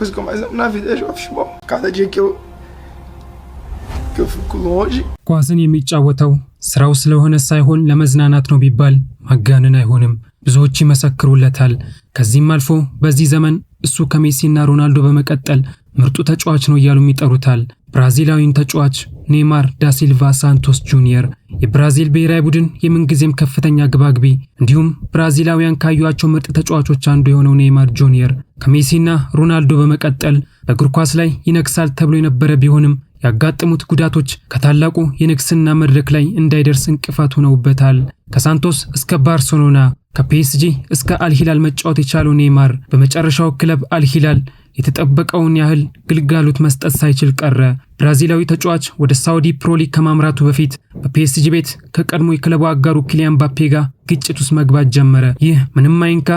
coisa que eu mais amo na vida é jogar futebol. Cada dia que eu, que eu fico longe. ኳስን የሚጫወተው ስራው ስለሆነ ሳይሆን ለመዝናናት ነው ቢባል ማጋነን አይሆንም። ብዙዎች ይመሰክሩለታል። ከዚህም አልፎ በዚህ ዘመን እሱ ከሜሲና ሮናልዶ በመቀጠል ምርጡ ተጫዋች ነው እያሉም ይጠሩታል። ብራዚላዊን ተጫዋች ኔይማር ዳሲልቫ ሳንቶስ ጁኒየር የብራዚል ብሔራዊ ቡድን የምንጊዜም ከፍተኛ ግባግቢ እንዲሁም ብራዚላውያን ካዩቸው ምርጥ ተጫዋቾች አንዱ የሆነው ኔይማር ጁኒየር ከሜሲና ሮናልዶ በመቀጠል በእግር ኳስ ላይ ይነግሳል ተብሎ የነበረ ቢሆንም ያጋጠሙት ጉዳቶች ከታላቁ የንግስና መድረክ ላይ እንዳይደርስ እንቅፋት ሆነውበታል። ከሳንቶስ እስከ ባርሴሎና ከፒኤስጂ እስከ አልሂላል መጫወት የቻለው ኔይማር በመጨረሻው ክለብ አልሂላል የተጠበቀውን ያህል ግልጋሎት መስጠት ሳይችል ቀረ። ብራዚላዊ ተጫዋች ወደ ሳውዲ ፕሮሊግ ከማምራቱ በፊት በፒኤስጂ ቤት ከቀድሞ የክለቡ አጋሩ ኪሊያን ባፔ ጋር ግጭት ውስጥ መግባት ጀመረ። ይህ ምንም አይንካ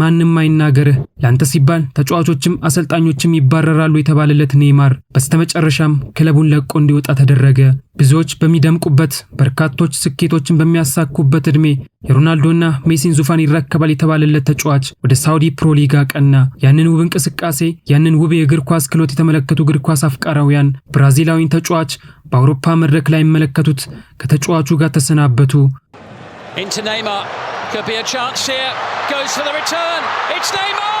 ማንም አይናገርህ፣ ለአንተ ሲባል ተጫዋቾችም አሰልጣኞችም ይባረራሉ የተባለለት ኔይማር በስተመጨረሻም ክለቡን ለቆ እንዲወጣ ተደረገ። ብዙዎች በሚደምቁበት በርካቶች ስኬቶችን በሚያሳኩበት ዕድሜ የሮናልዶና ሜሲን ዙፋን ይረከባል የተባለለት ተጫዋች ወደ ሳውዲ ፕሮ ሊጋ ቀና። ያንን ውብ እንቅስቃሴ፣ ያንን ውብ የእግር ኳስ ክሎት የተመለከቱ እግር ኳስ አፍቃራውያን ብራዚላዊን ተጫዋች በአውሮፓ መድረክ ላይ መለከቱት፣ ከተጫዋቹ ጋር ተሰናበቱ። Could be a chance here. Goes for the return. It's Neymar!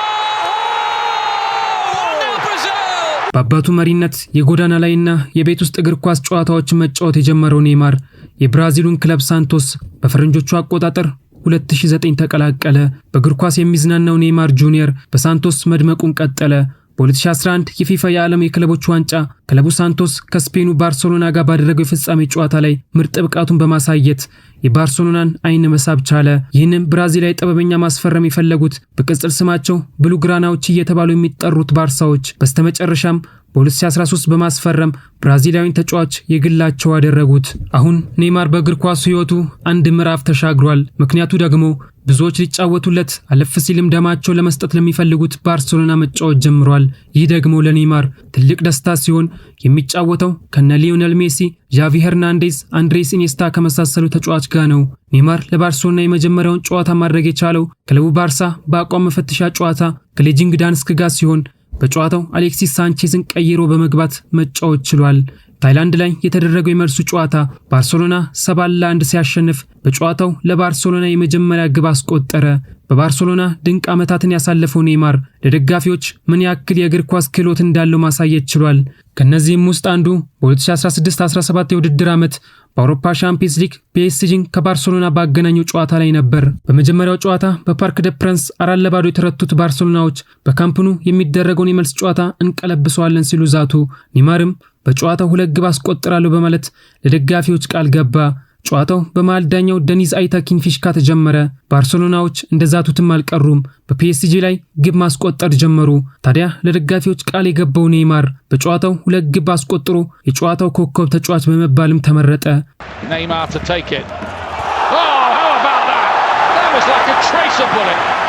በአባቱ መሪነት የጎዳና ላይና የቤት ውስጥ እግር ኳስ ጨዋታዎችን መጫወት የጀመረው ኔይማር የብራዚሉን ክለብ ሳንቶስ በፈረንጆቹ አቆጣጠር 2009 ተቀላቀለ። በእግር ኳስ የሚዝናናው ኔይማር ጁኒየር በሳንቶስ መድመቁን ቀጠለ። በ2011 የፊፋ የዓለም የክለቦች ዋንጫ ክለቡ ሳንቶስ ከስፔኑ ባርሴሎና ጋር ባደረገው የፍጻሜ ጨዋታ ላይ ምርጥ ብቃቱን በማሳየት የባርሴሎናን አይን መሳብ ቻለ። ይህንም ብራዚላዊ ጥበበኛ ማስፈረም የፈለጉት በቅጽል ስማቸው ብሉግራናዎች እየተባሉ የሚጠሩት ባርሳዎች በስተመጨረሻም በ2013 በማስፈረም ብራዚላዊን ተጫዋች የግላቸው ያደረጉት። አሁን ኔይማር በእግር ኳሱ ሕይወቱ አንድ ምዕራፍ ተሻግሯል። ምክንያቱ ደግሞ ብዙዎች ሊጫወቱለት አለፍ ሲልም ደማቸው ለመስጠት ለሚፈልጉት ባርሴሎና መጫወት ጀምሯል። ይህ ደግሞ ለኔይማር ትልቅ ደስታ ሲሆን የሚጫወተው ከነ ሊዮነል ሜሲ፣ ዣቪ ሄርናንዴዝ፣ አንድሬስ ኢኔስታ ከመሳሰሉ ተጫዋች ጋር ነው። ኔይማር ለባርሴሎና የመጀመሪያውን ጨዋታ ማድረግ የቻለው ክለቡ ባርሳ በአቋም መፈተሻ ጨዋታ ከሌጂንግ ዳንስክ ጋር ሲሆን በጨዋታው አሌክሲስ ሳንቼዝን ቀይሮ በመግባት መጫወት ችሏል። ታይላንድ ላይ የተደረገው የመልሱ ጨዋታ ባርሴሎና ሰባት ለአንድ ሲያሸንፍ በጨዋታው ለባርሴሎና የመጀመሪያ ግብ አስቆጠረ። በባርሴሎና ድንቅ ዓመታትን ያሳለፈው ኔይማር ለደጋፊዎች ምን ያክል የእግር ኳስ ክህሎት እንዳለው ማሳየት ችሏል። ከእነዚህም ውስጥ አንዱ በ2016/17 የውድድር ዓመት በአውሮፓ ሻምፒየንስ ሊግ ፒኤስጂን ከባርሴሎና ባገናኘው ጨዋታ ላይ ነበር። በመጀመሪያው ጨዋታ በፓርክ ደ ፕረንስ አራት ለባዶ የተረቱት ባርሴሎናዎች በካምፕኑ የሚደረገውን የመልስ ጨዋታ እንቀለብሰዋለን ሲሉ ዛቱ። ኒማርም በጨዋታው ሁለት ግብ አስቆጥራለሁ በማለት ለደጋፊዎች ቃል ገባ። ጨዋታው በማልዳኛው ደኒዝ አይታ ኪንፊሽ ከተጀመረ ባርሰሎናዎች እንደዛቱትም አልቀሩም። በፒኤስጂ ላይ ግብ ማስቆጠር ጀመሩ። ታዲያ ለደጋፊዎች ቃል የገባው ኔይማር በጨዋታው ሁለት ግብ አስቆጥሮ የጨዋታው ኮከብ ተጫዋች በመባልም ተመረጠ።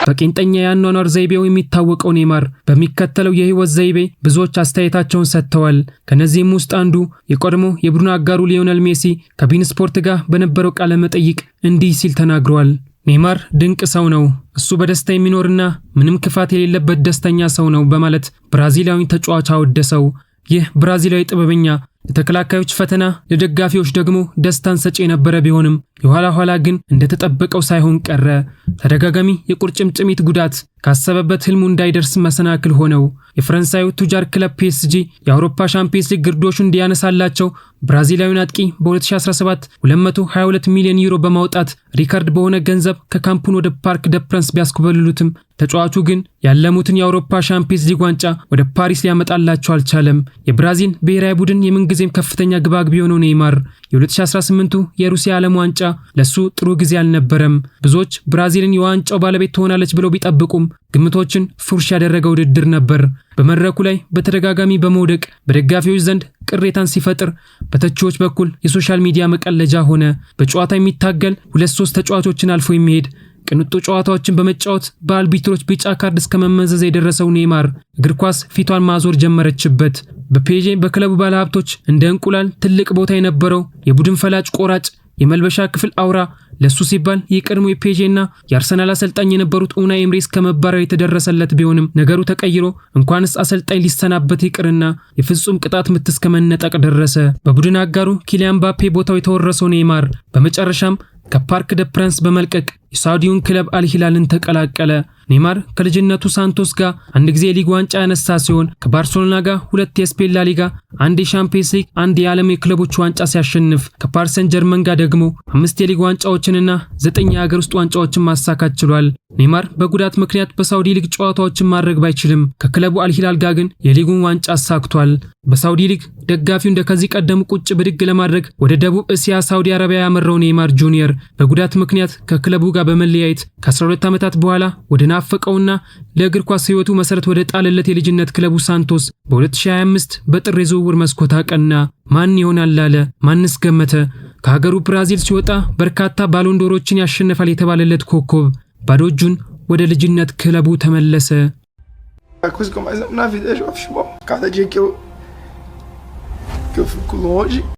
በቄንጠኛ የአኗኗር ዘይቤው የሚታወቀው ኔማር በሚከተለው የህይወት ዘይቤ ብዙዎች አስተያየታቸውን ሰጥተዋል። ከነዚህም ውስጥ አንዱ የቀድሞ የቡድን አጋሩ ሊዮነል ሜሲ ከቢን ስፖርት ጋር በነበረው ቃለ መጠይቅ እንዲህ ሲል ተናግረዋል። ኔማር ድንቅ ሰው ነው። እሱ በደስታ የሚኖርና ምንም ክፋት የሌለበት ደስተኛ ሰው ነው በማለት ብራዚላዊ ተጫዋች አወደሰው። ይህ ብራዚላዊ ጥበበኛ ለተከላካዮች ፈተና፣ ለደጋፊዎች ደግሞ ደስታን ሰጪ የነበረ ቢሆንም የኋላ ኋላ ግን እንደተጠበቀው ሳይሆን ቀረ። ተደጋጋሚ የቁርጭምጭሚት ጉዳት ካሰበበት ህልሙ እንዳይደርስ መሰናክል ሆነው የፈረንሳዩ ቱጃር ክለብ ፒኤስጂ የአውሮፓ ሻምፒየንስ ሊግ ግርዶሹ እንዲያነሳላቸው ብራዚላዊን አጥቂ በ2017 222 ሚሊዮን ዩሮ በማውጣት ሪካርድ በሆነ ገንዘብ ከካምፑን ወደ ፓርክ ደ ፕረንስ ቢያስኮበልሉትም ተጫዋቹ ግን ያለሙትን የአውሮፓ ሻምፒየንስ ሊግ ዋንጫ ወደ ፓሪስ ሊያመጣላቸው አልቻለም። የብራዚል ብሔራዊ ቡድን የምንጊዜም ከፍተኛ ግባግቢ የሆነው ኔይማር የ2018ቱ የሩሲያ ዓለም ዋንጫ ለሱ ጥሩ ጊዜ አልነበረም። ብዙዎች ብራዚልን የዋንጫው ባለቤት ትሆናለች ብለው ቢጠብቁም ግምቶችን ፉርሽ ያደረገ ውድድር ነበር። በመድረኩ ላይ በተደጋጋሚ በመውደቅ በደጋፊዎች ዘንድ ቅሬታን ሲፈጥር፣ በተቺዎች በኩል የሶሻል ሚዲያ መቀለጃ ሆነ። በጨዋታ የሚታገል ሁለት ሶስት ተጫዋቾችን አልፎ የሚሄድ ቅንጡ ጨዋታዎችን በመጫወት በአልቢትሮች ቢጫ ካርድ እስከ መመዘዝ የደረሰው ኔይማር እግር ኳስ ፊቷን ማዞር ጀመረችበት። በፔዤ በክለቡ ባለሀብቶች እንደ እንቁላል ትልቅ ቦታ የነበረው የቡድን ፈላጭ ቆራጭ የመልበሻ ክፍል አውራ ለሱ ሲባል የቀድሞ የፔዤና የአርሰናል አሰልጣኝ የነበሩት ኡና ኤምሬስ ከመባረር የተደረሰለት ቢሆንም ነገሩ ተቀይሮ እንኳንስ አሰልጣኝ ሊሰናበት ይቅርና የፍጹም ቅጣት ምት ደረሰ። በቡድን አጋሩ ኪሊያን ባፔ ቦታው የተወረሰው ኔይማር በመጨረሻም ከፓርክ ደ ፕራንስ በመልቀቅ የሳውዲውን ክለብ አልሂላልን ተቀላቀለ። ኔይማር ከልጅነቱ ሳንቶስ ጋር አንድ ጊዜ የሊግ ዋንጫ ያነሳ ሲሆን ከባርሴሎና ጋር ሁለት የስፔን ላሊጋ፣ አንድ የሻምፒየንስ ሊግ፣ አንድ የዓለም የክለቦች ዋንጫ ሲያሸንፍ ከፓርሰን ጀርመን ጋር ደግሞ አምስት የሊግ ዋንጫዎችንና ዘጠኝ የሀገር ውስጥ ዋንጫዎችን ማሳካት ችሏል። ኔይማር በጉዳት ምክንያት በሳውዲ ሊግ ጨዋታዎችን ማድረግ ባይችልም ከክለቡ አልሂላል ጋር ግን የሊጉን ዋንጫ አሳክቷል። በሳውዲ ሊግ ደጋፊው እንደ ከዚህ ቀደሙ ቁጭ ብድግ ለማድረግ ወደ ደቡብ እስያ ሳውዲ አረቢያ ያመራው ኔይማር ጁኒየር በጉዳት ምክንያት ከክለቡ ጋር በመለያየት ከ12 ዓመታት በኋላ ወደ ለናፈቀውና ለእግር ኳስ ሕይወቱ መሰረት ወደ ጣለለት የልጅነት ክለቡ ሳንቶስ በ2025 በጥር የዝውውር መስኮት አቀና። ማን ይሆናል አለ? ማንስ ገመተ? ከሀገሩ ብራዚል ሲወጣ በርካታ ባሎንዶሮችን ያሸነፋል የተባለለት ኮከብ ባዶ እጁን ወደ ልጅነት ክለቡ ተመለሰ።